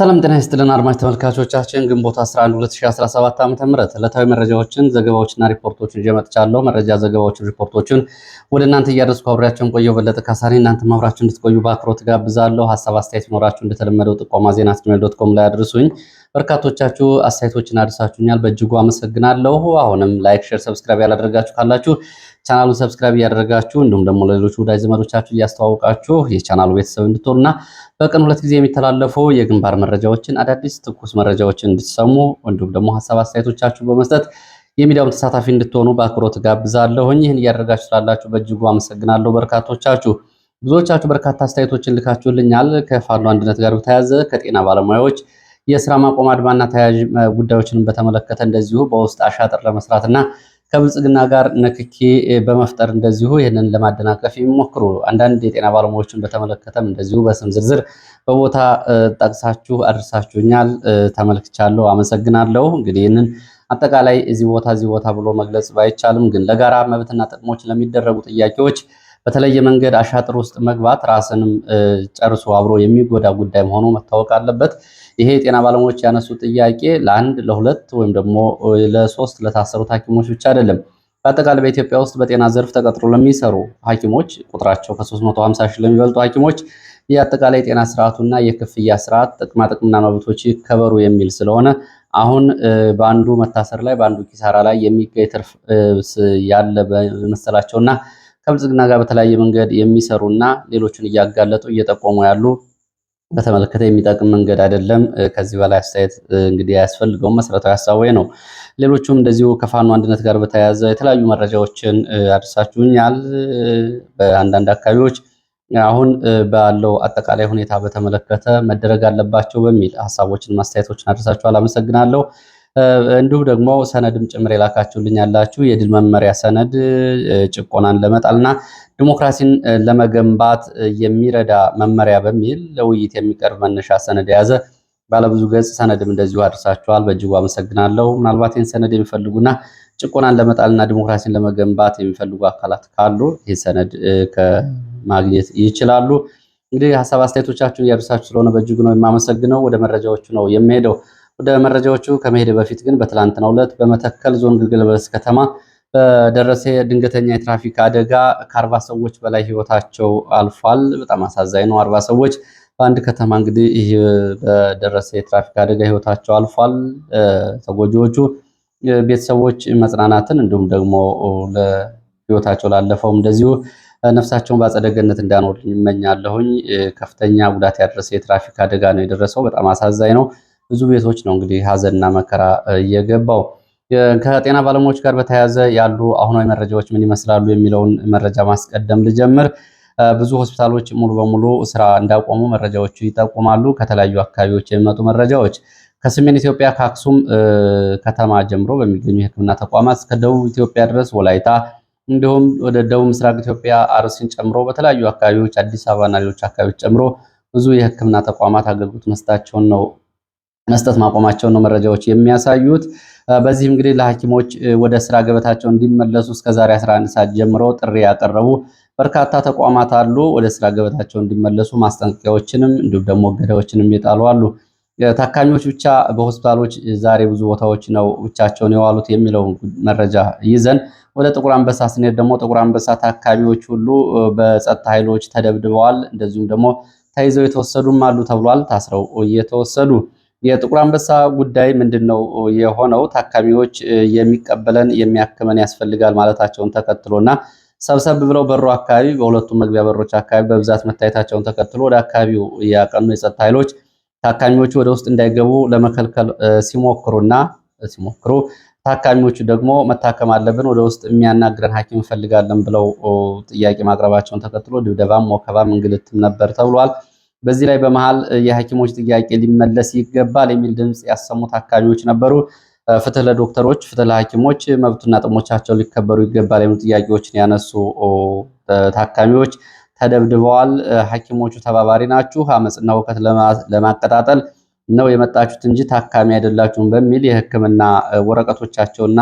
ሰላም ጤና ይስጥልን አድማጭ ተመልካቾቻችን፣ ግንቦት 11 2017 ዓ.ም ዕለታዊ መረጃዎችን፣ ዘገባዎችና ሪፖርቶችን ይዤ መጥቻለሁ። መረጃ ዘገባዎችን፣ ሪፖርቶችን ወደ እናንተ እያደረስኩ አብሬያቸውን ቆየው በለጠ ካሳኒ፣ እናንተ ማብራችሁ እንድትቆዩ በአክብሮት ጋብዛለሁ። ሀሳብ አስተያየት ሲኖራችሁ እንደተለመደው ጥቆማ ዜና ጂሜል ዶት ኮም ላይ አድርሱኝ። በርካቶቻችሁ አስተያየቶችን አድርሳችሁኛል፣ በእጅጉ አመሰግናለሁ። አሁንም ላይክ፣ ሼር፣ ሰብስክራይብ ያላደረጋችሁ ካላችሁ ቻናሉን ሰብስክራይብ እያደረጋችሁ እንዲሁም ደግሞ ለሌሎች ወዳጅ ዘመዶቻችሁ እያስተዋወቃችሁ የቻናሉ ቤተሰብ እንድትሆኑና በቀን ሁለት ጊዜ የሚተላለፉ የግንባር መረጃዎችን አዳዲስ ትኩስ መረጃዎችን እንድትሰሙ እንዲሁም ደግሞ ሀሳብ አስተያየቶቻችሁ በመስጠት የሚዲያውን ተሳታፊ እንድትሆኑ በአክብሮት ጋብዛለሁኝ። ይህን እያደረጋችሁ ስላላችሁ በእጅጉ አመሰግናለሁ። በርካቶቻችሁ ብዙዎቻችሁ በርካታ አስተያየቶችን ልካችሁልኛል። ከፋኖ አንድነት ጋር በተያያዘ ከጤና ባለሙያዎች የስራ ማቆም አድማና ተያያዥ ጉዳዮችን በተመለከተ እንደዚሁ በውስጥ አሻጥር ለመስራትና ከብልጽግና ጋር ንክኪ በመፍጠር እንደዚሁ ይህንን ለማደናቀፍ የሚሞክሩ አንዳንድ የጤና ባለሙያዎችን በተመለከተም እንደዚሁ በስም ዝርዝር በቦታ ጠቅሳችሁ አድርሳችሁኛል። ተመልክቻለሁ፣ አመሰግናለሁ። እንግዲህ ይህንን አጠቃላይ እዚህ ቦታ እዚህ ቦታ ብሎ መግለጽ ባይቻልም ግን ለጋራ መብትና ጥቅሞች ለሚደረጉ ጥያቄዎች በተለየ መንገድ አሻጥር ውስጥ መግባት ራስንም ጨርሶ አብሮ የሚጎዳ ጉዳይ መሆኑ መታወቅ አለበት። ይሄ የጤና ባለሙያዎች ያነሱ ጥያቄ ለአንድ ለሁለት ወይም ደግሞ ለሶስት ለታሰሩት ሐኪሞች ብቻ አይደለም። በአጠቃላይ በኢትዮጵያ ውስጥ በጤና ዘርፍ ተቀጥሮ ለሚሰሩ ሐኪሞች ቁጥራቸው ከ350 ሺህ ለሚበልጡ ሐኪሞች የአጠቃላይ የጤና ስርዓቱና የክፍያ ስርዓት ጥቅማጥቅምና መብቶች ይከበሩ የሚል ስለሆነ አሁን በአንዱ መታሰር ላይ በአንዱ ኪሳራ ላይ የሚገኝ ትርፍ ያለ በመሰላቸውና ከብልጽግና ጋር በተለያየ መንገድ የሚሰሩና ሌሎችን እያጋለጡ እየጠቆሙ ያሉ በተመለከተ የሚጠቅም መንገድ አይደለም። ከዚህ በላይ አስተያየት እንግዲህ አያስፈልገውም። መሰረታዊ ሀሳቡ ነው። ሌሎቹም እንደዚሁ ከፋኖ አንድነት ጋር በተያያዘ የተለያዩ መረጃዎችን አድርሳችሁኛል። በአንዳንድ አካባቢዎች አሁን ባለው አጠቃላይ ሁኔታ በተመለከተ መደረግ አለባቸው በሚል ሀሳቦችን፣ ማስተያየቶችን አድርሳችኋል። አመሰግናለሁ። እንዲሁም ደግሞ ሰነድም ጭምር የላካችሁልኝ ያላችሁ የድል መመሪያ ሰነድ ጭቆናን ለመጣልና ዲሞክራሲን ለመገንባት የሚረዳ መመሪያ በሚል ለውይይት የሚቀርብ መነሻ ሰነድ የያዘ ባለብዙ ገጽ ሰነድም እንደዚሁ አድርሳችኋል። በእጅጉ አመሰግናለሁ። ምናልባት ይህን ሰነድ የሚፈልጉና ጭቆናን ለመጣልና ዲሞክራሲን ለመገንባት የሚፈልጉ አካላት ካሉ ይህ ሰነድ ከማግኘት ይችላሉ። እንግዲህ ሀሳብ አስተያየቶቻችሁን እያደረሳችሁ ስለሆነ በእጅጉ ነው የማመሰግነው። ወደ መረጃዎቹ ነው የሚሄደው። ወደ መረጃዎቹ ከመሄድ በፊት ግን በትላንትናው ዕለት በመተከል ዞን ግልገል በለስ ከተማ በደረሰ ድንገተኛ የትራፊክ አደጋ ከአርባ ሰዎች በላይ ህይወታቸው አልፏል። በጣም አሳዛኝ ነው። አርባ ሰዎች በአንድ ከተማ እንግዲህ ይህ በደረሰ የትራፊክ አደጋ ህይወታቸው አልፏል። ተጎጂዎቹ ቤተሰቦች መጽናናትን እንዲሁም ደግሞ ለህይወታቸው ላለፈውም እንደዚሁ ነፍሳቸውን በአጸደ ገነት እንዳኖር ይመኛለሁኝ። ከፍተኛ ጉዳት ያደረሰ የትራፊክ አደጋ ነው የደረሰው። በጣም አሳዛኝ ነው። ብዙ ቤቶች ነው እንግዲህ ሀዘንና መከራ እየገባው። ከጤና ባለሙያዎች ጋር በተያያዘ ያሉ አሁናዊ መረጃዎች ምን ይመስላሉ የሚለውን መረጃ ማስቀደም ልጀምር። ብዙ ሆስፒታሎች ሙሉ በሙሉ ስራ እንዳቆሙ መረጃዎቹ ይጠቁማሉ። ከተለያዩ አካባቢዎች የሚመጡ መረጃዎች ከሰሜን ኢትዮጵያ ከአክሱም ከተማ ጀምሮ በሚገኙ የሕክምና ተቋማት እስከ ደቡብ ኢትዮጵያ ድረስ ወላይታ፣ እንዲሁም ወደ ደቡብ ምስራቅ ኢትዮጵያ አርሲን ጨምሮ በተለያዩ አካባቢዎች አዲስ አበባና ሌሎች አካባቢዎች ጨምሮ ብዙ የሕክምና ተቋማት አገልግሎት መስጠታቸውን ነው መስጠት ማቆማቸውን ነው መረጃዎች የሚያሳዩት። በዚህ እንግዲህ ለሐኪሞች ወደ ስራ ገበታቸው እንዲመለሱ እስከዛሬ 11 ሰዓት ጀምሮ ጥሪ ያቀረቡ በርካታ ተቋማት አሉ። ወደ ስራ ገበታቸው እንዲመለሱ ማስጠንቀቂያዎችንም እንዲሁም ደግሞ እገዳዎችንም የጣሉ አሉ። ታካሚዎች ብቻ በሆስፒታሎች ዛሬ ብዙ ቦታዎች ነው ብቻቸውን የዋሉት የሚለው መረጃ ይዘን ወደ ጥቁር አንበሳ ስንሄድ ደግሞ ጥቁር አንበሳ ታካሚዎች ሁሉ በጸጥታ ኃይሎች ተደብድበዋል፣ እንደዚሁም ደግሞ ተይዘው የተወሰዱም አሉ ተብሏል። ታስረው እየተወሰዱ የጥቁር አንበሳ ጉዳይ ምንድን ነው የሆነው? ታካሚዎች የሚቀበለን የሚያክመን ያስፈልጋል ማለታቸውን ተከትሎና ሰብሰብ ብለው በሩ አካባቢ በሁለቱም መግቢያ በሮች አካባቢ በብዛት መታየታቸውን ተከትሎ ወደ አካባቢው ያቀኑ የጸጥታ ኃይሎች ታካሚዎቹ ወደ ውስጥ እንዳይገቡ ለመከልከል ሲሞክሩና ሲሞክሩ ታካሚዎቹ ደግሞ መታከም አለብን ወደ ውስጥ የሚያናግረን ሐኪም እንፈልጋለን ብለው ጥያቄ ማቅረባቸውን ተከትሎ ድብደባም፣ ወከባም እንግልትም ነበር ተብሏል። በዚህ ላይ በመሃል የሐኪሞች ጥያቄ ሊመለስ ይገባል የሚል ድምፅ ያሰሙት አካባቢዎች ነበሩ። ፍትህ ለዶክተሮች፣ ፍትህ ለሐኪሞች መብትና ጥቅሞቻቸው ሊከበሩ ይገባል የሚሉ ጥያቄዎችን ያነሱ ታካሚዎች ተደብድበዋል። ሐኪሞቹ ተባባሪ ናችሁ፣ አመፅና ሁከት ለማቀጣጠል ነው የመጣችሁት እንጂ ታካሚ አይደላችሁም በሚል የህክምና ወረቀቶቻቸውና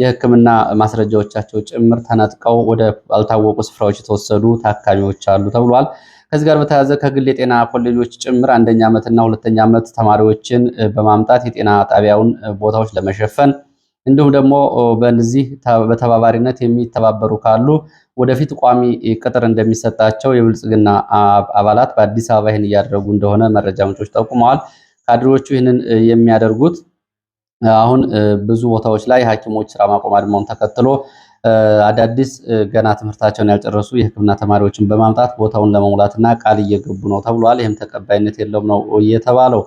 የህክምና ማስረጃዎቻቸው ጭምር ተነጥቀው ወደ አልታወቁ ስፍራዎች የተወሰዱ ታካሚዎች አሉ ተብሏል። ከዚህ ጋር በተያያዘ ከግል የጤና ኮሌጆች ጭምር አንደኛ ዓመትና ሁለተኛ ዓመት ተማሪዎችን በማምጣት የጤና ጣቢያውን ቦታዎች ለመሸፈን እንዲሁም ደግሞ በዚህ በተባባሪነት የሚተባበሩ ካሉ ወደፊት ቋሚ ቅጥር እንደሚሰጣቸው የብልጽግና አባላት በአዲስ አበባ ይህን እያደረጉ እንደሆነ መረጃ ምንጮች ጠቁመዋል። ካድሬዎቹ ይህንን የሚያደርጉት አሁን ብዙ ቦታዎች ላይ ሐኪሞች ስራ ማቆም አድማውን ተከትሎ አዳዲስ ገና ትምህርታቸውን ያልጨረሱ የሕክምና ተማሪዎችን በማምጣት ቦታውን ለመሙላትና ቃል እየገቡ ነው ተብሏል። ይህም ተቀባይነት የለውም ነው እየተባለው።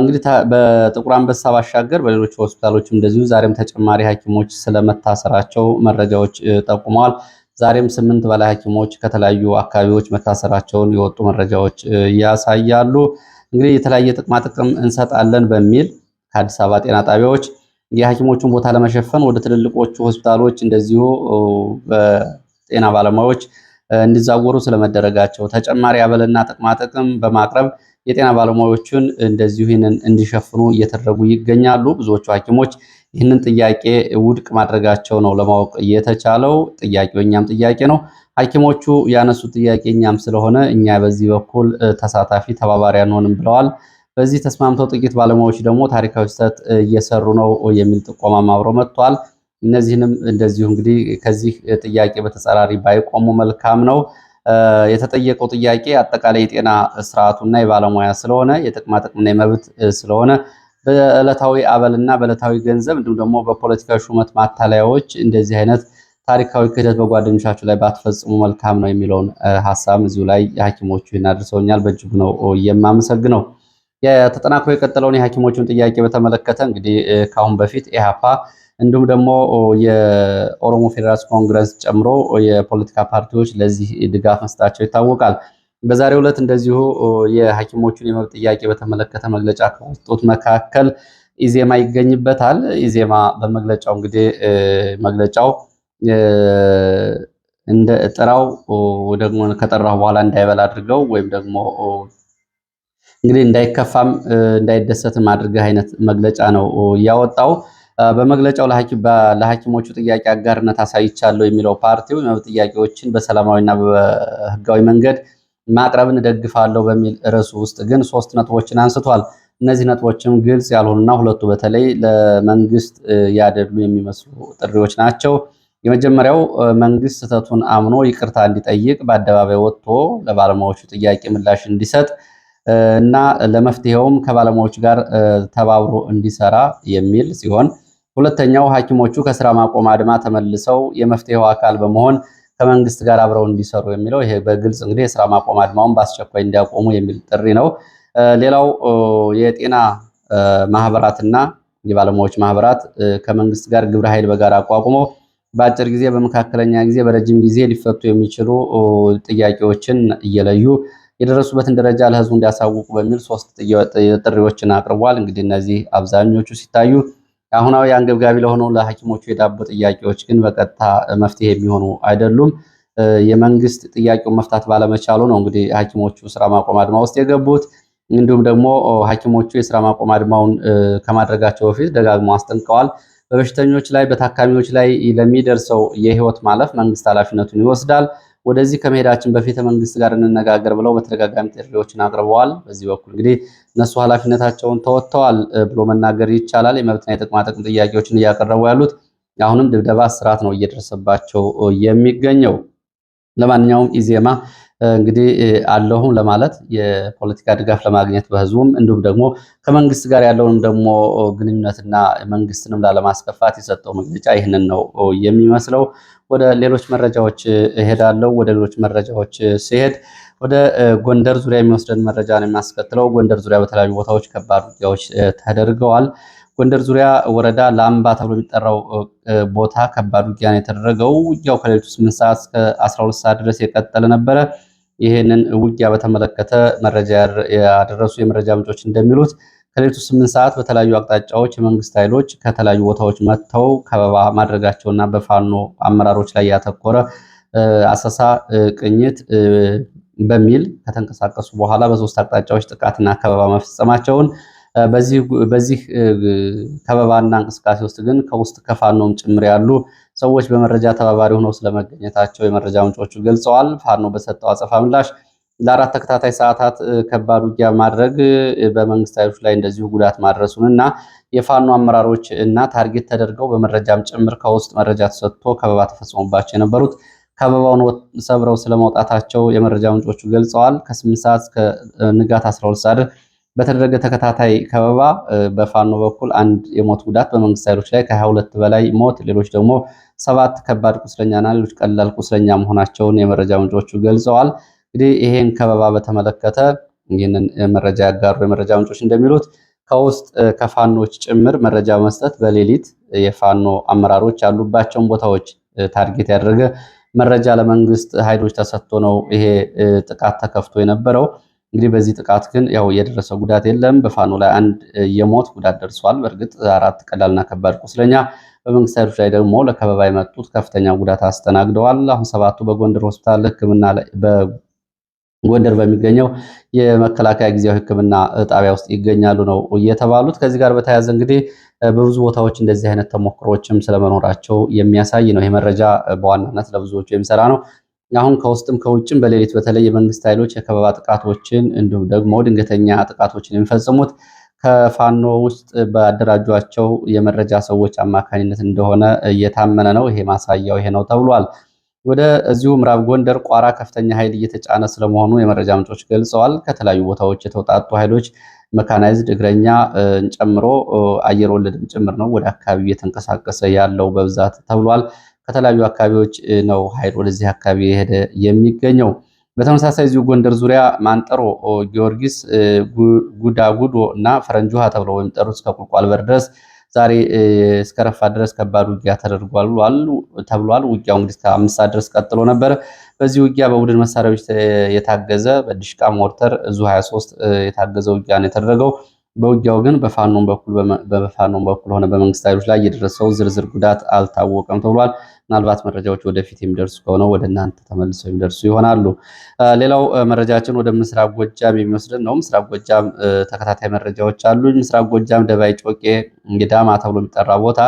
እንግዲህ በጥቁር አንበሳ ባሻገር በሌሎች ሆስፒታሎችም እንደዚሁ ዛሬም ተጨማሪ ሐኪሞች ስለመታሰራቸው መረጃዎች ጠቁመዋል። ዛሬም ስምንት በላይ ሐኪሞች ከተለያዩ አካባቢዎች መታሰራቸውን የወጡ መረጃዎች ያሳያሉ። እንግዲህ የተለያየ ጥቅማ ጥቅም እንሰጣለን በሚል ከአዲስ አበባ ጤና ጣቢያዎች የሐኪሞቹን ቦታ ለመሸፈን ወደ ትልልቆቹ ሆስፒታሎች እንደዚሁ በጤና ባለሙያዎች እንዲዛወሩ ስለመደረጋቸው ተጨማሪ አበልና ጥቅማጥቅም በማቅረብ የጤና ባለሙያዎችን እንደዚሁ ይህንን እንዲሸፍኑ እየተደረጉ ይገኛሉ። ብዙዎቹ ሐኪሞች ይህንን ጥያቄ ውድቅ ማድረጋቸው ነው ለማወቅ የተቻለው። ጥያቄው እኛም ጥያቄ ነው። ሐኪሞቹ ያነሱት ጥያቄ እኛም ስለሆነ እኛ በዚህ በኩል ተሳታፊ ተባባሪ አንሆንም ብለዋል። በዚህ ተስማምተው ጥቂት ባለሙያዎች ደግሞ ታሪካዊ ስህተት እየሰሩ ነው የሚል ጥቆማም አብሮ መጥቷል። እነዚህንም እንደዚሁ እንግዲህ ከዚህ ጥያቄ በተጸራሪ ባይቆሙ መልካም ነው። የተጠየቀው ጥያቄ አጠቃላይ የጤና ስርዓቱና የባለሙያ ስለሆነ የጥቅማ ጥቅምና የመብት ስለሆነ በዕለታዊ አበልና በዕለታዊ ገንዘብ እንዲሁም ደግሞ በፖለቲካዊ ሹመት ማታለያዎች እንደዚህ አይነት ታሪካዊ ክህደት በጓደኞቻችሁ ላይ ባትፈጽሙ መልካም ነው የሚለውን ሀሳብ እዚሁ ላይ ሐኪሞቹ ይናድርሰውኛል። በእጅጉ ነው የማመሰግነው። የተጠናኮ የቀጠለውን የሀኪሞችን ጥያቄ በተመለከተ እንግዲህ ከአሁን በፊት ኢህአፓ እንዲሁም ደግሞ የኦሮሞ ፌዴራሊስት ኮንግረስ ጨምሮ የፖለቲካ ፓርቲዎች ለዚህ ድጋፍ መስጠታቸው ይታወቃል። በዛሬው ዕለት እንደዚሁ የሐኪሞቹን የመብት ጥያቄ በተመለከተ መግለጫ ከወጡት መካከል ኢዜማ ይገኝበታል። ኢዜማ በመግለጫው እንግዲህ መግለጫው እንደ ጥራው ደግሞ ከጠራሁ በኋላ እንዳይበላ አድርገው ወይም ደግሞ እንግዲህ እንዳይከፋም እንዳይደሰትም አድርገህ አይነት መግለጫ ነው ያወጣው። በመግለጫው ለሐኪሞቹ ጥያቄ አጋርነት አሳይቻለሁ የሚለው ፓርቲው የመብት ጥያቄዎችን በሰላማዊና በህጋዊ መንገድ ማቅረብን እደግፋለሁ በሚል ርዕሱ ውስጥ ግን ሶስት ነጥቦችን አንስቷል። እነዚህ ነጥቦችም ግልጽ ያልሆኑና ሁለቱ በተለይ ለመንግስት ያደሉ የሚመስሉ ጥሪዎች ናቸው። የመጀመሪያው መንግስት ስህተቱን አምኖ ይቅርታ እንዲጠይቅ በአደባባይ ወጥቶ ለባለሙያዎቹ ጥያቄ ምላሽ እንዲሰጥ እና ለመፍትሄውም ከባለሙያዎች ጋር ተባብሮ እንዲሰራ የሚል ሲሆን ሁለተኛው ሐኪሞቹ ከስራ ማቆም አድማ ተመልሰው የመፍትሄው አካል በመሆን ከመንግስት ጋር አብረው እንዲሰሩ የሚለው ይሄ በግልጽ እንግዲህ የስራ ማቆም አድማውን በአስቸኳይ እንዲያቆሙ የሚል ጥሪ ነው። ሌላው የጤና ማህበራትና የባለሙያዎች ማህበራት ከመንግስት ጋር ግብረ ኃይል በጋራ አቋቁሞ በአጭር ጊዜ፣ በመካከለኛ ጊዜ፣ በረጅም ጊዜ ሊፈቱ የሚችሉ ጥያቄዎችን እየለዩ የደረሱበትን ደረጃ ለህዝቡ እንዲያሳውቁ በሚል ሶስት ጥሪዎችን አቅርቧል። እንግዲህ እነዚህ አብዛኞቹ ሲታዩ አሁናዊ አንገብጋቢ ለሆነው ለሐኪሞቹ የዳቦ ጥያቄዎች ግን በቀጥታ መፍትሄ የሚሆኑ አይደሉም። የመንግስት ጥያቄውን መፍታት ባለመቻሉ ነው እንግዲህ ሐኪሞቹ ስራ ማቆም አድማ ውስጥ የገቡት። እንዲሁም ደግሞ ሐኪሞቹ የስራ ማቆም አድማውን ከማድረጋቸው በፊት ደጋግሞ አስጠንቀዋል። በበሽተኞች ላይ በታካሚዎች ላይ ለሚደርሰው የህይወት ማለፍ መንግስት ኃላፊነቱን ይወስዳል። ወደዚህ ከመሄዳችን በፊት መንግስት ጋር እንነጋገር ብለው በተደጋጋሚ ጥሪዎችን አቅርበዋል። በዚህ በኩል እንግዲህ እነሱ ኃላፊነታቸውን ተወጥተዋል ብሎ መናገር ይቻላል። የመብትና የጥቅማጥቅም ጥያቄዎችን እያቀረቡ ያሉት አሁንም ድብደባ፣ ስርዓት ነው እየደረሰባቸው የሚገኘው። ለማንኛውም ኢዜማ እንግዲህ አለሁም ለማለት የፖለቲካ ድጋፍ ለማግኘት በህዝቡም እንዲሁም ደግሞ ከመንግስት ጋር ያለውንም ደግሞ ግንኙነትና መንግስትንም ላለማስከፋት የሰጠው መግለጫ ይህንን ነው የሚመስለው። ወደ ሌሎች መረጃዎች እሄዳለሁ። ወደ ሌሎች መረጃዎች ሲሄድ ወደ ጎንደር ዙሪያ የሚወስደን መረጃ ነው የሚያስከትለው። ጎንደር ዙሪያ በተለያዩ ቦታዎች ከባድ ውጊያዎች ተደርገዋል። ጎንደር ዙሪያ ወረዳ ላምባ ተብሎ የሚጠራው ቦታ ከባድ ውጊያ ነው የተደረገው። ውጊያው ከሌሊቱ 8 ሰዓት እስከ 12 ሰዓት ድረስ የቀጠለ ነበረ። ይህንን ውጊያ በተመለከተ መረጃ ያደረሱ የመረጃ ምንጮች እንደሚሉት ከሌሊቱ 8 ሰዓት በተለያዩ አቅጣጫዎች የመንግስት ኃይሎች ከተለያዩ ቦታዎች መጥተው ከበባ ማድረጋቸውና በፋኖ አመራሮች ላይ ያተኮረ አሰሳ ቅኝት በሚል ከተንቀሳቀሱ በኋላ በሶስት አቅጣጫዎች ጥቃትና ከበባ መፈጸማቸውን በዚህ ከበባና እንቅስቃሴ ውስጥ ግን ከውስጥ ከፋኖም ጭምር ያሉ ሰዎች በመረጃ ተባባሪ ሆነው ስለመገኘታቸው የመረጃ ምንጮቹ ገልጸዋል። ፋኖ በሰጠው አጸፋ ምላሽ ለአራት ተከታታይ ሰዓታት ከባድ ውጊያ ማድረግ በመንግስት ኃይሎች ላይ እንደዚሁ ጉዳት ማድረሱን እና የፋኖ አመራሮች እና ታርጌት ተደርገው በመረጃም ጭምር ከውስጥ መረጃ ተሰጥቶ ከበባ ተፈጽሞባቸው የነበሩት ከበባውን ሰብረው ስለመውጣታቸው የመረጃ ምንጮቹ ገልጸዋል። ከስምንት ሰዓት ከንጋት አስራ ሁለት ሰዓት በተደረገ ተከታታይ ከበባ በፋኖ በኩል አንድ የሞት ጉዳት በመንግስት ኃይሎች ላይ ከሀያ ሁለት በላይ ሞት ሌሎች ደግሞ ሰባት ከባድ ቁስለኛና ሌሎች ቀላል ቁስለኛ መሆናቸውን የመረጃ ምንጮቹ ገልጸዋል። እንግዲህ ይሄን ከበባ በተመለከተ ይህንን መረጃ ያጋሩ የመረጃ ምንጮች እንደሚሉት ከውስጥ ከፋኖች ጭምር መረጃ መስጠት በሌሊት የፋኖ አመራሮች ያሉባቸውን ቦታዎች ታርጌት ያደረገ መረጃ ለመንግስት ኃይሎች ተሰጥቶ ነው ይሄ ጥቃት ተከፍቶ የነበረው። እንግዲህ በዚህ ጥቃት ግን ያው የደረሰ ጉዳት የለም። በፋኖ ላይ አንድ የሞት ጉዳት ደርሷል። በእርግጥ አራት ቀላልና ከባድ ቁስለኛ፣ በመንግስት ኃይሎች ላይ ደግሞ ለከበባ የመጡት ከፍተኛ ጉዳት አስተናግደዋል። አሁን ሰባቱ በጎንደር ሆስፒታል ሕክምና በጎንደር በሚገኘው የመከላከያ ጊዜያዊ ሕክምና ጣቢያ ውስጥ ይገኛሉ ነው እየተባሉት። ከዚህ ጋር በተያያዘ እንግዲህ በብዙ ቦታዎች እንደዚህ አይነት ተሞክሮዎችም ስለመኖራቸው የሚያሳይ ነው። ይህ መረጃ በዋናነት ለብዙዎቹ የሚሰራ ነው። አሁን ከውስጥም ከውጭም በሌሊት በተለይ የመንግስት ኃይሎች የከበባ ጥቃቶችን እንዲሁም ደግሞ ድንገተኛ ጥቃቶችን የሚፈጽሙት ከፋኖ ውስጥ በአደራጇቸው የመረጃ ሰዎች አማካኝነት እንደሆነ እየታመነ ነው። ይሄ ማሳያው ይሄ ነው ተብሏል። ወደ እዚሁ ምዕራብ ጎንደር ቋራ ከፍተኛ ኃይል እየተጫነ ስለመሆኑ የመረጃ ምንጮች ገልጸዋል። ከተለያዩ ቦታዎች የተውጣጡ ኃይሎች መካናይዝድ እግረኛ ጨምሮ አየር ወለድም ጭምር ነው ወደ አካባቢው እየተንቀሳቀሰ ያለው በብዛት ተብሏል። ከተለያዩ አካባቢዎች ነው ኃይል ወደዚህ አካባቢ የሄደ የሚገኘው። በተመሳሳይ እዚሁ ጎንደር ዙሪያ ማንጠሮ ጊዮርጊስ፣ ጉዳጉዶ እና ፈረንጅ ውሃ ተብለው የሚጠሩት እስከ ቁልቋል በር ድረስ ዛሬ እስከ ረፋ ድረስ ከባድ ውጊያ ተደርጓል ተብሏል። ውጊያው እንግዲህ እስከ አምስት ሰዓት ድረስ ቀጥሎ ነበር። በዚህ ውጊያ በቡድን መሳሪያዎች የታገዘ በዲሽቃ ሞርተር እዙ 23 የታገዘ ውጊያ ነው የተደረገው። በውጊያው ግን በፋኖም በኩል በፋኖም በኩል ሆነ በመንግስት ኃይሎች ላይ የደረሰው ዝርዝር ጉዳት አልታወቀም ተብሏል። ምናልባት መረጃዎች ወደፊት የሚደርሱ ከሆነ ወደ እናንተ ተመልሰው የሚደርሱ ይሆናሉ። ሌላው መረጃችን ወደ ምስራቅ ጎጃም የሚወስድን ነው። ምስራቅ ጎጃም ተከታታይ መረጃዎች አሉ። ምስራቅ ጎጃም ደባይ ጮቄ ዳማ ተብሎ የሚጠራ ቦታ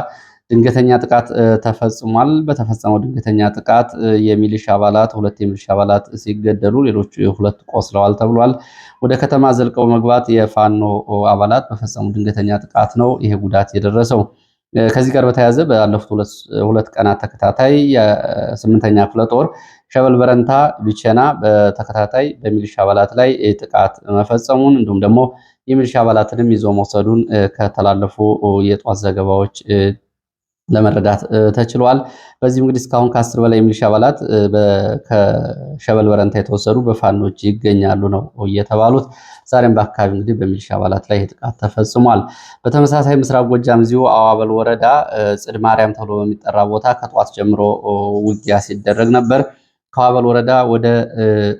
ድንገተኛ ጥቃት ተፈጽሟል። በተፈጸመው ድንገተኛ ጥቃት የሚሊሻ አባላት ሁለት የሚሊሻ አባላት ሲገደሉ ሌሎቹ ሁለት ቆስለዋል ተብሏል። ወደ ከተማ ዘልቀው መግባት የፋኖ አባላት በፈጸሙ ድንገተኛ ጥቃት ነው ይሄ ጉዳት የደረሰው። ከዚህ ጋር በተያያዘ ባለፉት ሁለት ቀናት ተከታታይ የስምንተኛ ክፍለ ጦር ሸበል በረንታ ቢቸና በተከታታይ በሚሊሻ አባላት ላይ ጥቃት መፈጸሙን እንዲሁም ደግሞ የሚሊሻ አባላትንም ይዞ መውሰዱን ከተላለፉ የጧት ዘገባዎች ለመረዳት ተችሏል። በዚህም እንግዲህ እስካሁን ከአስር በላይ የሚሊሻ አባላት ከሸበል በረንታ የተወሰዱ በፋኖች ይገኛሉ ነው እየተባሉት። ዛሬም በአካባቢ እንግዲህ በሚሊሻ አባላት ላይ ጥቃት ተፈጽሟል። በተመሳሳይ ምስራቅ ጎጃም እዚሁ አዋበል ወረዳ ጽድ ማርያም ተብሎ በሚጠራ ቦታ ከጠዋት ጀምሮ ውጊያ ሲደረግ ነበር። ከአዋበል ወረዳ ወደ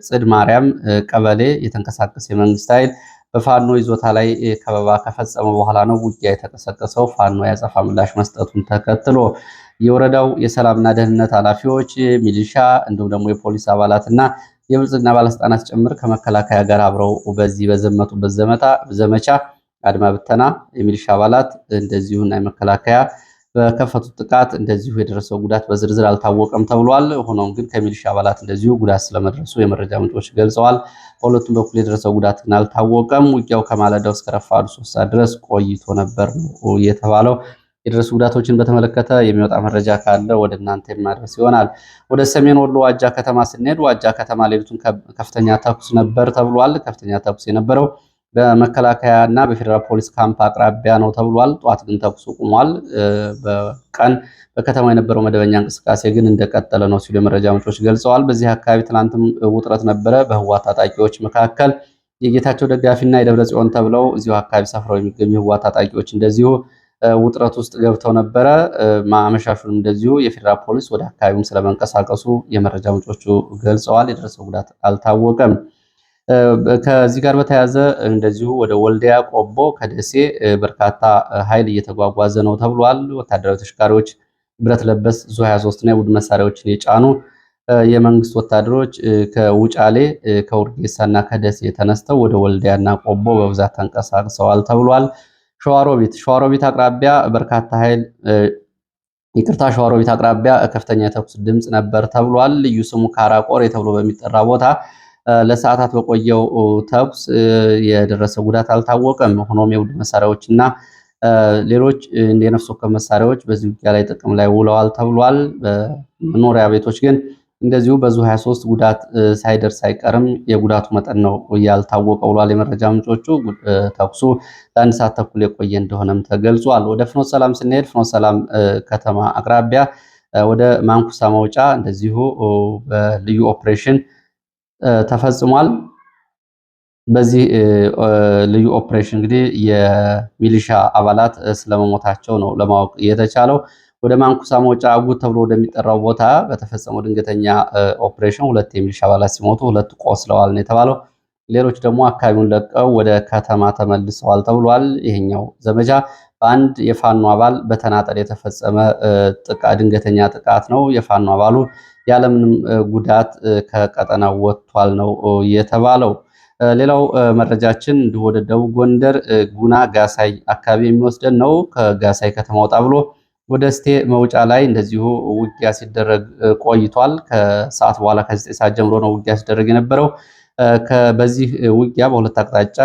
ጽድ ማርያም ቀበሌ የተንቀሳቀሰ የመንግስት ኃይል በፋኖ ይዞታ ላይ ከበባ ከፈጸመ በኋላ ነው ውጊያ የተቀሰቀሰው። ፋኖ ያጸፋ ምላሽ መስጠቱን ተከትሎ የወረዳው የሰላምና ደህንነት ኃላፊዎች፣ ሚሊሻ እንዲሁም ደግሞ የፖሊስ አባላትና የብልጽግና ባለስልጣናት ጭምር ከመከላከያ ጋር አብረው በዚህ በዘመቱበት ዘመቻ አድማ ብተና የሚሊሻ አባላት እንደዚሁና የመከላከያ በከፈቱት ጥቃት እንደዚሁ የደረሰው ጉዳት በዝርዝር አልታወቀም ተብሏል። ሆኖም ግን ከሚሊሻ አባላት እንደዚሁ ጉዳት ስለመድረሱ የመረጃ ምንጮች ገልጸዋል። በሁለቱም በኩል የደረሰው ጉዳት ግን አልታወቀም። ውጊያው ከማለዳው እስከ ረፋዱ ሶስት ሰዓት ድረስ ቆይቶ ነበር ነው የተባለው። የደረሱ ጉዳቶችን በተመለከተ የሚወጣ መረጃ ካለ ወደ እናንተ የማድረስ ይሆናል። ወደ ሰሜን ወሎ ዋጃ ከተማ ስንሄድ ዋጃ ከተማ ሌሊቱን ከፍተኛ ተኩስ ነበር ተብሏል። ከፍተኛ ተኩስ የነበረው በመከላከያ እና በፌዴራል ፖሊስ ካምፕ አቅራቢያ ነው ተብሏል። ጠዋት ግን ተኩሱ ቁሟል። በቀን በከተማው የነበረው መደበኛ እንቅስቃሴ ግን እንደቀጠለ ነው ሲሉ የመረጃ ምንጮች ገልጸዋል። በዚህ አካባቢ ትናንትም ውጥረት ነበረ በህዋት ታጣቂዎች መካከል። የጌታቸው ደጋፊና የደብረ ጽዮን ተብለው እዚሁ አካባቢ ሰፍረው የሚገኙ ህዋ ታጣቂዎች እንደዚሁ ውጥረት ውስጥ ገብተው ነበረ። ማመሻሹን እንደዚሁ የፌዴራል ፖሊስ ወደ አካባቢውም ስለመንቀሳቀሱ የመረጃ ምንጮቹ ገልጸዋል። የደረሰው ጉዳት አልታወቀም። ከዚህ ጋር በተያያዘ እንደዚሁ ወደ ወልዲያ ቆቦ ከደሴ በርካታ ኃይል እየተጓጓዘ ነው ተብሏል። ወታደራዊ ተሽካሪዎች፣ ብረት ለበስ ዙ 23 እና የቡድን መሳሪያዎችን የጫኑ የመንግስት ወታደሮች ከውጫሌ ከውርጌሳና ከደሴ ተነስተው ወደ ወልዲያና ቆቦ በብዛት ተንቀሳቅሰዋል ተብሏል። ሸዋሮቢት ሸዋሮቢት አቅራቢያ በርካታ ኃይል ይቅርታ፣ ሸዋሮቢት አቅራቢያ ከፍተኛ የተኩስ ድምፅ ነበር ተብሏል። ልዩ ስሙ ካራቆሬ ተብሎ በሚጠራ ቦታ ለሰዓታት በቆየው ተኩስ የደረሰ ጉዳት አልታወቀም። ሆኖም የውድ መሳሪያዎች እና ሌሎች እንደ ነፍስ ወከፍ መሳሪያዎች በዚህ ውጊያ ላይ ጥቅም ላይ ውለዋል ተብሏል። በመኖሪያ ቤቶች ግን እንደዚሁ በዙ 23 ጉዳት ሳይደርስ አይቀርም። የጉዳቱ መጠን ነው ያልታወቀ ብሏል የመረጃ ምንጮቹ ተኩሱ ለአንድ ሰዓት ተኩል የቆየ እንደሆነም ተገልጿል። ወደ ፍኖት ሰላም ስንሄድ ፍኖት ሰላም ከተማ አቅራቢያ ወደ ማንኩሳ መውጫ እንደዚሁ በልዩ ኦፕሬሽን ተፈጽሟል። በዚህ ልዩ ኦፕሬሽን እንግዲህ የሚሊሻ አባላት ስለመሞታቸው ነው ለማወቅ የተቻለው። ወደ ማንኩሳ መውጫ አጉት ተብሎ ወደሚጠራው ቦታ በተፈጸመው ድንገተኛ ኦፕሬሽን ሁለት የሚሊሻ አባላት ሲሞቱ ሁለት ቆስለዋል ነው የተባለው። ሌሎች ደግሞ አካባቢውን ለቀው ወደ ከተማ ተመልሰዋል ተብሏል። ይሄኛው ዘመቻ በአንድ የፋኖ አባል በተናጠል የተፈጸመ ድንገተኛ ጥቃት ነው። የፋኖ አባሉ ያለምንም ጉዳት ከቀጠናው ወጥቷል ነው የተባለው። ሌላው መረጃችን እንዲሁ ወደ ደቡብ ጎንደር ጉና ጋሳይ አካባቢ የሚወስደን ነው። ከጋሳይ ከተማ ወጣ ብሎ ወደ እስቴ መውጫ ላይ እንደዚሁ ውጊያ ሲደረግ ቆይቷል። ከሰዓት በኋላ ከ ሰዓት ጀምሮ ነው ውጊያ ሲደረግ የነበረው። በዚህ ውጊያ በሁለት አቅጣጫ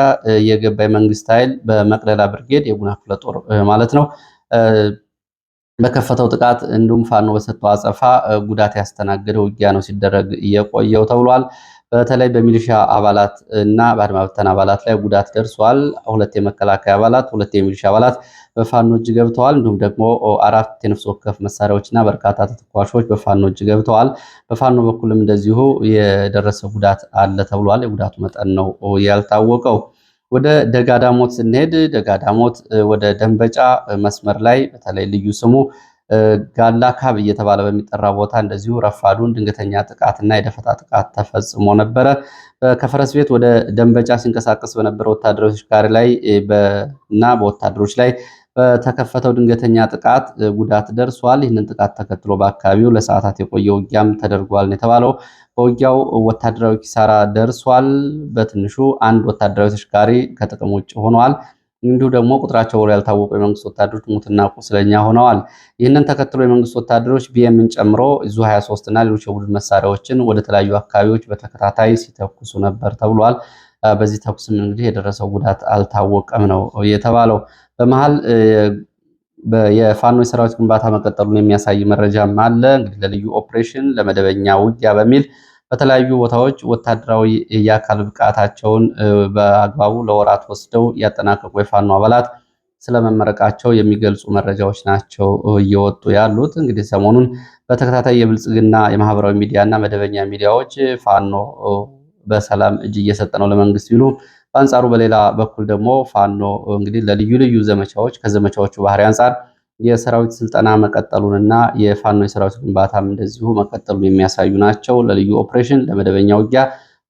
የገባ የመንግስት ኃይል በመቅደላ ብርጌድ የጉና ክፍለ ጦር ማለት ነው በከፈተው ጥቃት እንዲሁም ፋኖ በሰጠው አጸፋ ጉዳት ያስተናገደ ውጊያ ነው ሲደረግ እየቆየው ተብሏል። በተለይ በሚሊሻ አባላት እና በአድማ አባላት ላይ ጉዳት ደርሷል። ሁለት የመከላከያ አባላት፣ ሁለት የሚሊሻ አባላት በፋኖ እጅ ገብተዋል። እንዲሁም ደግሞ አራት የነፍስ ወከፍ መሳሪያዎች እና በርካታ ተተኳሾች በፋኖ እጅ ገብተዋል። በፋኖ በኩልም እንደዚሁ የደረሰ ጉዳት አለ ተብሏል። የጉዳቱ መጠን ነው ያልታወቀው። ወደ ደጋዳሞት ስንሄድ ደጋዳሞት ወደ ደንበጫ መስመር ላይ በተለይ ልዩ ስሙ ጋላ ካብ እየተባለ በሚጠራ ቦታ እንደዚሁ ረፋዱን ድንገተኛ ጥቃትና የደፈጣ ጥቃት ተፈጽሞ ነበረ። ከፈረስ ቤት ወደ ደንበጫ ሲንቀሳቀስ በነበረ ወታደሮች ጋር ላይ እና በወታደሮች ላይ በተከፈተው ድንገተኛ ጥቃት ጉዳት ደርሷል። ይህንን ጥቃት ተከትሎ በአካባቢው ለሰዓታት የቆየ ውጊያም ተደርጓል ነው የተባለው። በውጊያው ወታደራዊ ኪሳራ ደርሷል። በትንሹ አንድ ወታደራዊ ተሽከርካሪ ከጥቅም ውጭ ሆኗል። እንዲሁ ደግሞ ቁጥራቸው ወር ያልታወቁ የመንግስት ወታደሮች ሙትና ቁስለኛ ሆነዋል። ይህንን ተከትሎ የመንግስት ወታደሮች ቢኤምን ጨምሮ ዙ 23 እና ሌሎች የቡድን መሳሪያዎችን ወደ ተለያዩ አካባቢዎች በተከታታይ ሲተኩሱ ነበር ተብሏል። በዚህ ተኩስም እንግዲህ የደረሰው ጉዳት አልታወቀም ነው የተባለው። በመሀል የፋኖ የሰራዊት ግንባታ መቀጠሉን የሚያሳይ መረጃም አለ። እንግዲህ ለልዩ ኦፕሬሽን ለመደበኛ ውጊያ በሚል በተለያዩ ቦታዎች ወታደራዊ የአካል ብቃታቸውን በአግባቡ ለወራት ወስደው ያጠናቀቁ የፋኖ አባላት ስለመመረቃቸው የሚገልጹ መረጃዎች ናቸው እየወጡ ያሉት። እንግዲህ ሰሞኑን በተከታታይ የብልጽግና የማህበራዊ ሚዲያ እና መደበኛ ሚዲያዎች ፋኖ በሰላም እጅ እየሰጠ ነው ለመንግስት ቢሉ፣ በአንጻሩ በሌላ በኩል ደግሞ ፋኖ እንግዲህ ለልዩ ልዩ ዘመቻዎች ከዘመቻዎቹ ባህሪ አንጻር የሰራዊት ስልጠና መቀጠሉንና የፋኖ የሰራዊት ግንባታም እንደዚሁ መቀጠሉን የሚያሳዩ ናቸው። ለልዩ ኦፕሬሽን፣ ለመደበኛ ውጊያ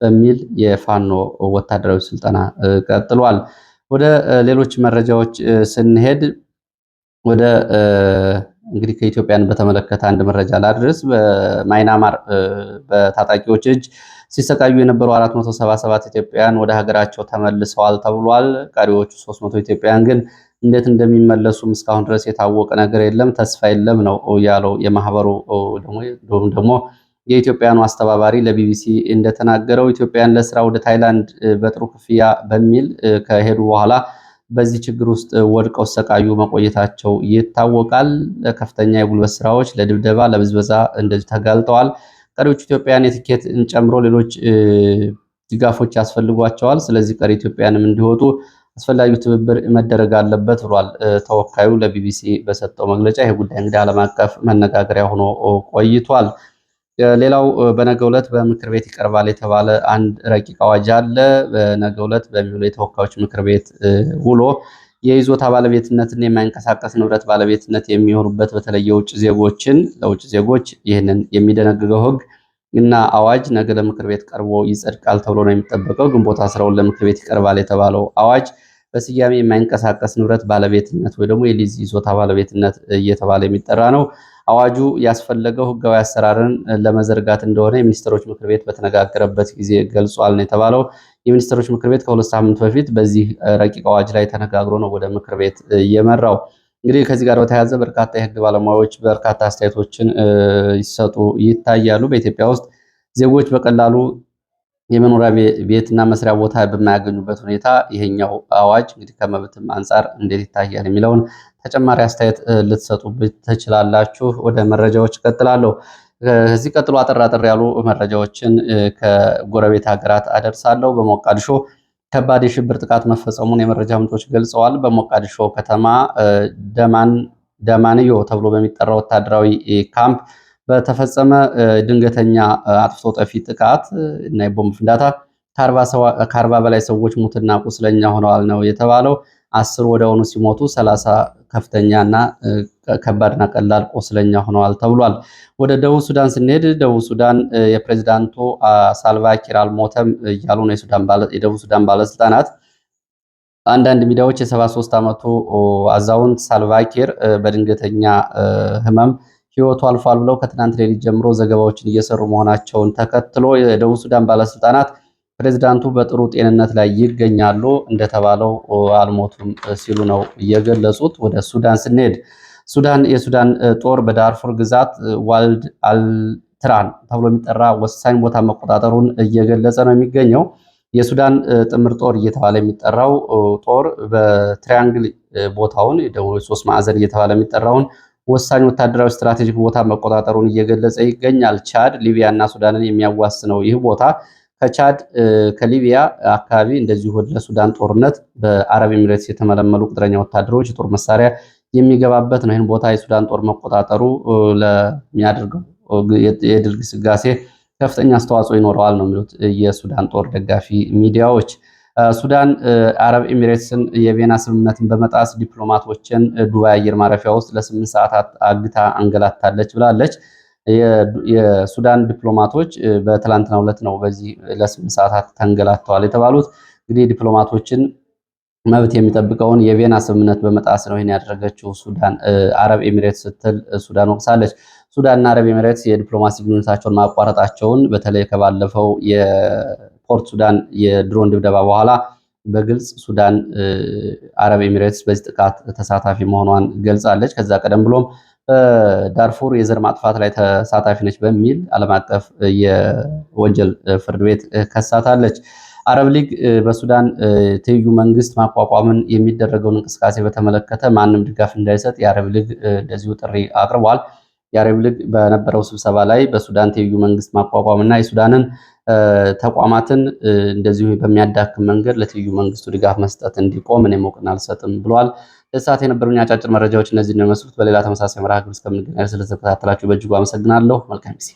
በሚል የፋኖ ወታደራዊ ስልጠና ቀጥሏል። ወደ ሌሎች መረጃዎች ስንሄድ ወደ እንግዲህ ከኢትዮጵያን በተመለከተ አንድ መረጃ ላድርስ። በማይናማር በታጣቂዎች እጅ ሲሰቃዩ የነበሩ 477 ኢትዮጵያውያን ወደ ሀገራቸው ተመልሰዋል ተብሏል። ቀሪዎቹ 300 ኢትዮጵያውያን ግን እንዴት እንደሚመለሱም እስካሁን ድረስ የታወቀ ነገር የለም። ተስፋ የለም ነው ያለው የማህበሩ ደግሞ የኢትዮጵያኑ አስተባባሪ ለቢቢሲ እንደተናገረው ኢትዮጵያን ለስራ ወደ ታይላንድ በጥሩ ክፍያ በሚል ከሄዱ በኋላ በዚህ ችግር ውስጥ ወድቀው ሰቃዩ መቆየታቸው ይታወቃል። ከፍተኛ የጉልበት ስራዎች፣ ለድብደባ፣ ለብዝበዛ እንደዚህ ተጋልጠዋል። ቀሪዎቹ ኢትዮጵያውያን የትኬትን ጨምሮ ሌሎች ድጋፎች ያስፈልጓቸዋል። ስለዚህ ቀሪ ኢትዮጵያውያንም እንዲወጡ አስፈላጊው ትብብር መደረግ አለበት ብሏል። ተወካዩ ለቢቢሲ በሰጠው መግለጫ ይህ ጉዳይ እንግዲህ ዓለም አቀፍ መነጋገሪያ ሆኖ ቆይቷል። ሌላው በነገ ዕለት በምክር ቤት ይቀርባል የተባለ አንድ ረቂቅ አዋጅ አለ። በነገ ዕለት በሚውለው የተወካዮች ምክር ቤት ውሎ የይዞታ ባለቤትነትና የማይንቀሳቀስ ንብረት ባለቤትነት የሚሆኑበት በተለይ የውጭ ዜጎችን ለውጭ ዜጎች ይህንን የሚደነግገው ህግ እና አዋጅ ነገ ለምክር ቤት ቀርቦ ይጸድቃል ተብሎ ነው የሚጠበቀው። ግንቦት አስራውን ለምክር ቤት ይቀርባል የተባለው አዋጅ በስያሜ የማይንቀሳቀስ ንብረት ባለቤትነት ወይ ደግሞ የሊዝ ይዞታ ባለቤትነት እየተባለ የሚጠራ ነው። አዋጁ ያስፈለገው ህጋዊ አሰራርን ለመዘርጋት እንደሆነ የሚኒስትሮች ምክር ቤት በተነጋገረበት ጊዜ ገልጿል ነው የተባለው። የሚኒስትሮች ምክር ቤት ከሁለት ሳምንት በፊት በዚህ ረቂቅ አዋጅ ላይ ተነጋግሮ ነው ወደ ምክር ቤት የመራው። እንግዲህ ከዚህ ጋር በተያያዘ በርካታ የህግ ባለሙያዎች በርካታ አስተያየቶችን ይሰጡ ይታያሉ። በኢትዮጵያ ውስጥ ዜጎች በቀላሉ የመኖሪያ ቤትና መስሪያ ቦታ በማያገኙበት ሁኔታ ይሄኛው አዋጅ እንግዲህ ከመብትም አንጻር እንዴት ይታያል የሚለውን ተጨማሪ አስተያየት ልትሰጡ ትችላላችሁ። ወደ መረጃዎች እቀጥላለሁ። ከዚህ ቀጥሎ አጠር ያሉ መረጃዎችን ከጎረቤት ሀገራት አደርሳለሁ። በሞቃዲሾ ከባድ የሽብር ጥቃት መፈጸሙን የመረጃ ምንጮች ገልጸዋል። በሞቃዲሾ ከተማ ደማንዮ ተብሎ በሚጠራው ወታደራዊ ካምፕ በተፈጸመ ድንገተኛ አጥፍቶ ጠፊ ጥቃት እና የቦምብ ፍንዳታ ከአርባ በላይ ሰዎች ሙትና ቁስለኛ ሆነዋል ነው የተባለው። አስር ወዲያውኑ ሲሞቱ ሰላሳ ከፍተኛና ከባድና ቀላል ቆስለኛ ሆነዋል ተብሏል። ወደ ደቡብ ሱዳን ስንሄድ ደቡብ ሱዳን የፕሬዚዳንቱ ሳልቫኪር አልሞተም እያሉ ነው የደቡብ ሱዳን ባለስልጣናት። አንዳንድ ሚዲያዎች የሰባ ሶስት ዓመቱ አዛውንት ሳልቫኪር በድንገተኛ ህመም ህይወቱ አልፏል ብለው ከትናንት ሌሊት ጀምሮ ዘገባዎችን እየሰሩ መሆናቸውን ተከትሎ የደቡብ ሱዳን ባለስልጣናት ፕሬዚዳንቱ በጥሩ ጤንነት ላይ ይገኛሉ፣ እንደተባለው አልሞቱም ሲሉ ነው የገለጹት። ወደ ሱዳን ስንሄድ ሱዳን የሱዳን ጦር በዳርፉር ግዛት ዋልድ አልትራን ተብሎ የሚጠራ ወሳኝ ቦታ መቆጣጠሩን እየገለጸ ነው የሚገኘው። የሱዳን ጥምር ጦር እየተባለ የሚጠራው ጦር በትሪያንግል ቦታውን ደቡብ ሶስት ማዕዘን እየተባለ የሚጠራውን ወሳኝ ወታደራዊ ስትራቴጂክ ቦታ መቆጣጠሩን እየገለጸ ይገኛል። ቻድ፣ ሊቢያ እና ሱዳንን የሚያዋስነው ይህ ቦታ ከቻድ ከሊቢያ አካባቢ እንደዚሁ ሱዳን ጦርነት በአረብ ኤሚሬትስ የተመለመሉ ቁጥረኛ ወታደሮች የጦር መሳሪያ የሚገባበት ነው። ይህን ቦታ የሱዳን ጦር መቆጣጠሩ ለሚያደርገው የድል ግስጋሴ ከፍተኛ አስተዋጽኦ ይኖረዋል ነው የሚሉት የሱዳን ጦር ደጋፊ ሚዲያዎች። ሱዳን አረብ ኤሚሬትስን የቬና ስምምነትን በመጣስ ዲፕሎማቶችን ዱባይ አየር ማረፊያ ውስጥ ለስምንት ሰዓታት አግታ አንገላታለች ብላለች። የሱዳን ዲፕሎማቶች በትላንትናው ዕለት ነው በዚህ ለስምንት ሰዓታት ተንገላተዋል የተባሉት። እንግዲህ ዲፕሎማቶችን መብት የሚጠብቀውን የቬና ስምምነት በመጣስ ነው ይህን ያደረገችው ሱዳን አረብ ኤሚሬትስ ስትል ሱዳን ወቅሳለች። ሱዳንና አረብ ኤሚሬትስ የዲፕሎማሲ ግንኙነታቸውን ማቋረጣቸውን በተለይ ከባለፈው የፖርት ሱዳን የድሮን ድብደባ በኋላ በግልጽ ሱዳን አረብ ኤሚሬትስ በዚህ ጥቃት ተሳታፊ መሆኗን ገልጻለች። ከዛ ቀደም ብሎም በዳርፉር የዘር ማጥፋት ላይ ተሳታፊ ነች በሚል ዓለም አቀፍ የወንጀል ፍርድ ቤት ከሳታለች። አረብ ሊግ በሱዳን ትይዩ መንግስት ማቋቋምን የሚደረገውን እንቅስቃሴ በተመለከተ ማንም ድጋፍ እንዳይሰጥ የአረብ ሊግ እንደዚሁ ጥሪ አቅርቧል። የአረብ ሊግ በነበረው ስብሰባ ላይ በሱዳን ትይዩ መንግስት ማቋቋምና የሱዳንን ተቋማትን እንደዚሁ በሚያዳክም መንገድ ለትይዩ መንግስቱ ድጋፍ መስጠት እንዲቆም እኔ እውቅና አልሰጥም ብሏል። እሳት የነበሩኝ አጫጭር መረጃዎች እነዚህ እንደመስሉት በሌላ ተመሳሳይ መርሃ ግብር እስከምንገናኝ ስለተከታተላችሁ በእጅጉ አመሰግናለሁ። መልካም ጊዜ